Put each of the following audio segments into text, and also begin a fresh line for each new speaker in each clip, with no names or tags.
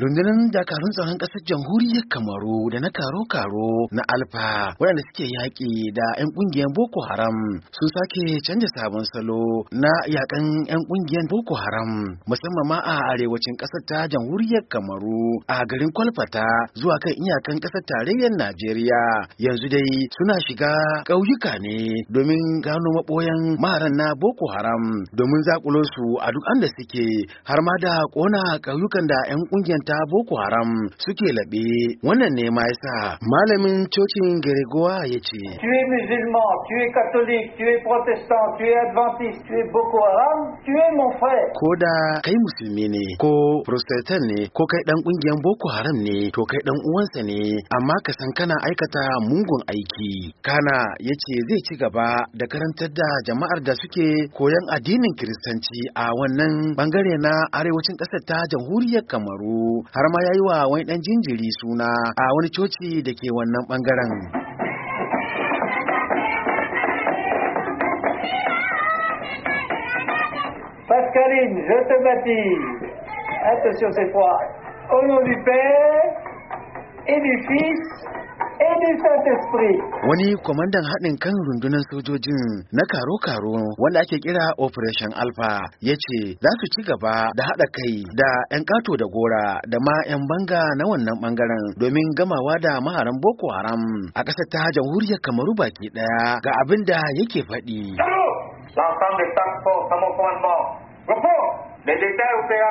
rundunar dakarun tsaron ƙasar jamhuriyar kamaru da na karo-karo na alfa waɗanda suke yaƙi da 'yan ƙungiyar boko haram su sake canja sabon salo na yaƙan 'yan ƙungiyar boko haram musamman ma a arewacin ƙasar ta jamhuriyar kamaru a garin kwalfata zuwa kan iyakan ƙasar tarayyar najeriya yanzu dai suna shiga ƙauyuka ne domin gano maɓoyan maharan na boko haram domin zakulo su a duk anda suke har ma da ƙona ƙauyukan da 'yan ƙungiyar ta Boko Haram suke laɓe. Wannan ne ma yasa malamin cocin Gregoire ya ce. Tu es musulman, tu es catholique, tu es protestant, tu es adventiste, tu es Boko Haram, tu es mon frère. Ko da kai musulmi ne, ko protestant ne, ko kai dan kungiyar Boko Haram ne, to kai dan uwansa ne, amma ka san kana aikata mungun aiki. Kana ya ce zai ci gaba da karantar da jama'ar da suke koyon addinin Kiristanci a wannan bangare na arewacin ƙasar ta jamhuriyar Kamaru. su har ma yayi wa wani dan jinjiri suna a wani coci da ke wannan bangaren. Pascaline, je te baptise. Attention cette fois. Au nom du Père et du Fils Wani kwamandan haɗin kan rundunar sojojin na karo-karo wanda ake kira Operation Alpha ya ce za su ci gaba da haɗa kai da 'yan ƙato da gora da ma 'yan banga na wannan ɓangaren domin gamawa da maharan Boko Haram a ƙasar ta jamhuriyar Kamaru baki ɗaya ga abin da yake faɗi. ya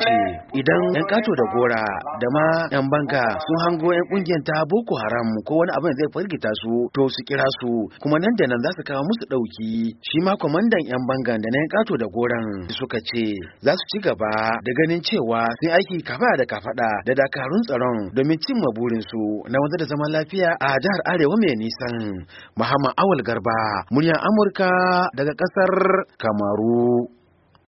ce idan yan kato da gora da ma yan banka sun hango yan kungiyar ta boko haram ko wani abin zai fargita su to su kira su kuma nan da nan za su kawo musu ɗauki, shi ma kwamandan yan bangan da na yan kato da goran suka ce za su ci gaba da ganin cewa sun aiki kafa da kafada da dakarun tsaron domin cimma burin su na wanda da zaman lafiya a jihar arewa mai nisan muhammad awal garba muryar amurka daga kasar kamaru